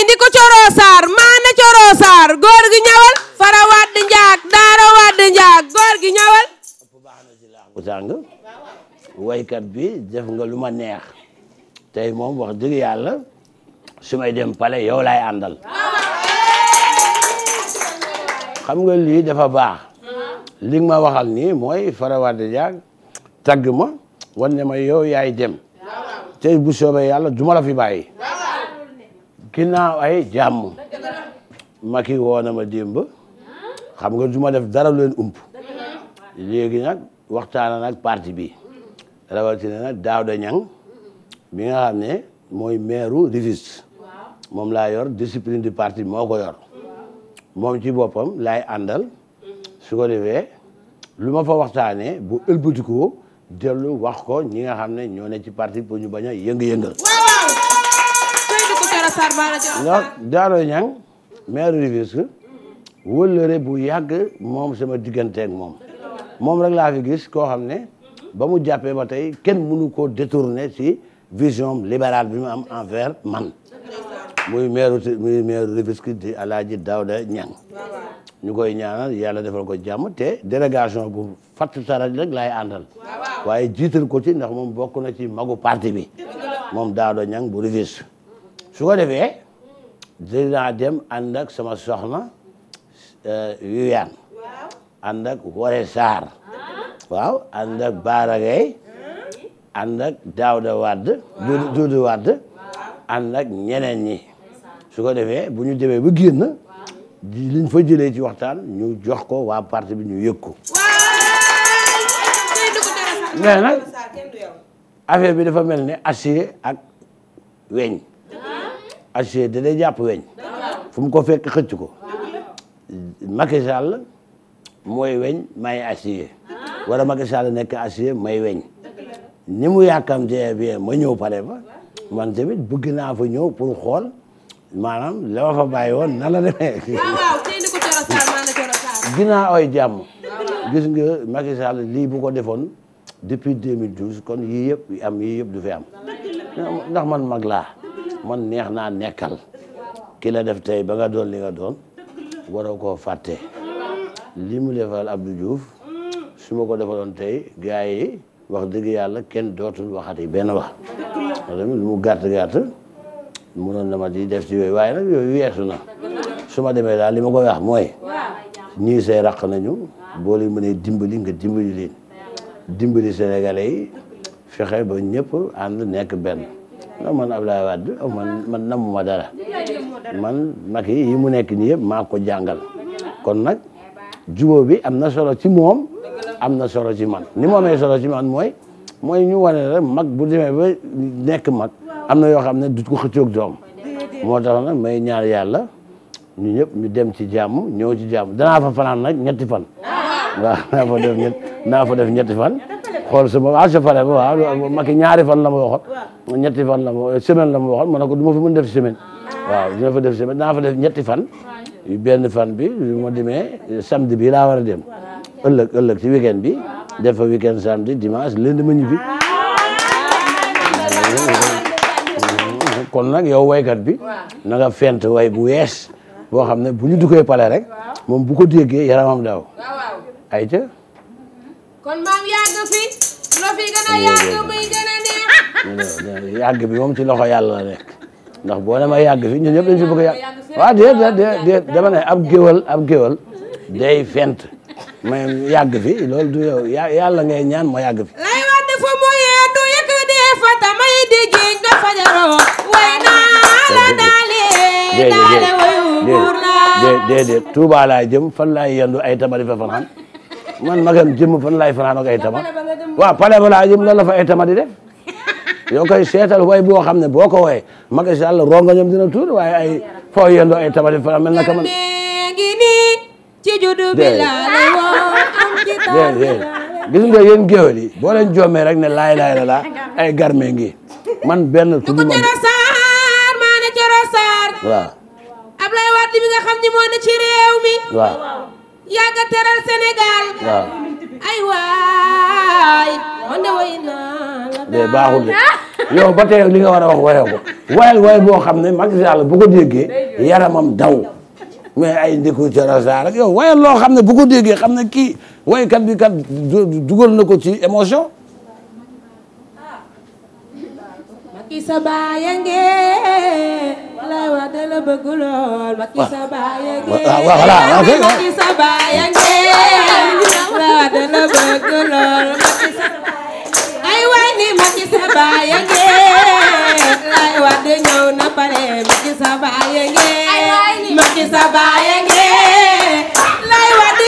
may di ko Coro Sarr maana Coro Sarr góor gi ñëwal fara wadd njaag daara wadd njaag góor gi ñëwal tàng waykat bi def nga lu ma neex tey moom wax dëgg yàlla su may dem pale yow laay àndal xam nga lii dafa baax lig ma waxal ni mooy farawaade jaag tagg ma wan ne ma yow yay dem tey bu soobee yàlla duma la fi bàyyi ginnaaw ay jàmm Macky woo na ma démb xam nga du ma def dara leen ump léegi nag waxtaan nag parti bi rawatina nag Daouda Niang mi nga xam ne mooy maire Rufisque moom laa yor discipline de parti moo ko yor moom ci boppam laay àndal su ko defee lu ma fa waxtaanee bu ëlbatikoo dellu wax ko ñi nga xam ne ñoo ne ci parti pour ñu bañ a yëngu-yëngal Sarr Ba la donc Daaro Niang maire Rufisque wëllëre bu yàgg moom sama digganteeg moom moom rek laa fi gis koo xam ne ba mu jàppee ma tey kenn mënu koo détourner ci vision libérale bi mu am envers man muy maire muy maire Rufisque di Alaaji Daawda Niang ñu koy ñaanal yàlla defal ko jàmm te délégation bu fatt taraj rek laay àndal waaye jiital ko ci ndax moom bokk na ci magu parti bi moom Daawda Niang bu Rufisque su ko defee dinaa dem ànd ak sama soxna yuyaan euh, ànd ak Wore Sarr waaw ànd ak ah. Baragay ànd ak Daouda Wade Doudou Wade ànd ak ñeneen ñi su ko defee bu ñu demee ba génn liñ fa jëlee ci waxtaan ñu jox ko waa parti bi ñu yëg ko mais affaire bi dafa mel ne acier ak weñ acier da jàpp weñ fu mu ko fekk xëcc ko Macky mooy weñ may acier wala Macky nekk acier may weñ ni mu yàkkamtee bien ma ñëw pare fa man tamit bëgg naa fa ñëw pour xool maanaam la ma fa bàyyi woon na la demee ginnaaw jàmm gis nga Macky lii bu ko defoon depuis 2012 kon yii yëpp am yii yëpp du fi am ndax man mag laa man neex naa nekkal ki la def tey ba nga doon li nga doon waroo koo fàtte lii mu defal Abdou Diouf su ma ko defaloon tey gars yi wax dëgg yàlla kenn dootul waxati benn wax tamit lu mu gàtt gàtt mënoon na ma di def ci yooyu waaye nag yooyu weesu na su ma demee daal li ma koy wax mooy ñii say raq nañu boole mënee dimbali nga dimbali leen dimbali Sénégalais yi fexe ba ñépp ànd nekk benn non man Abdoulaye Wade man man namuma dara man mag yi mu nekk ni yëpp maa ko jàngal kon nag jubóo bi am na solo ci moom am na solo ci man ni mu amee solo ci man mooy mooy ñu wane rek mag bu demee ba nekk mag am na yoo xam ne du ko xëccoog doom moo tax may ñaar yàlla ñu ñëpp ñu dem ci jàmm ñëw ci jàmm danaa fa fanaan nag ñetti fan naa fa def ñett fa fan xool sa bopp ah sa fare ñaari fan la ma waxoon ñetti fan la ma semaine la ma waxoon ma ko du ma fi def semaine ah. waaw dina fa def semaine dinaa fa def ñetti fan benn fan bi moo ma demee samedi bi laa war a dem ëllëg ëllëg ci weekend bi def fa weekend samedi dimanche lundi ma ñibbi ah. kon nag yow waykat bi na fent way bu wees boo xam ne bu ñu duggee pale rek moom bu ko déggee yaramam daw ayca kon maam yàgg loo fi gën a yàgg ci loxo yàlla la nekk ndax boo ne ma yàgg fi ñun ñëpp dañ fi bëgg a yàgg waaw déet déet déet dama ne ab géwal ab géwal day fent mais yàgg fi loolu du ngay ñaan ma yàgg fi. fa tamay di jiñ nga naa la daale daale wayu buur naa déedéet Tuuba laay jëm fan laay yendu ay tabari fanaan man magam jëmm fan laay fanaan ak ay tama waaw pale balaa jëm lan la fa ay tama di def yow koy seetal way boo xam ne boo ko wooyee Macky Sall ronga ñoom dina tuur waaye ay foo yendoo ay tama di fanaan mel na ka man ci juddu bi laale woo am ci taal gis nga yéen géwél yi boo leen joomee rek ne laay laay la laa ay garme ngi man benn tudd ma Sarr maa ne Coro Sarr waaw Ablaye Wade mi nga xam ni moo ne ci réew mi waaw yàgg a teral Sénégal. ay waay. de baaxul de yow ba tey li nga war a wax wayoo ko waaye waaye boo xam ne Macky Sall bu ko déggee yaramam daw mais ay ndekku teral saa yow waaye loo xam ne bu ko déggee xam ne kii waykat bi kat dugal na ko ci émotion. bëgg lool ma ki sa baaya ngeen voilà ma ki sa baaya ngeen laa dana bëgg lool ma ki sa ay waay ni ma ki sa baaya ngeen laay wadd ñëw na pare ma ki sa baaya ngeen ma ki sa baaya ngeen